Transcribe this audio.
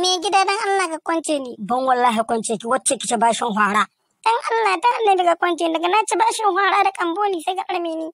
Me gida dan Allah ka kwance ni. Ban wallahi kwance ki wacce kice bashin hwara. Dan Allah dan Allah daga kwance daga na ci bashin hwara da kamboni sai ga arme ni.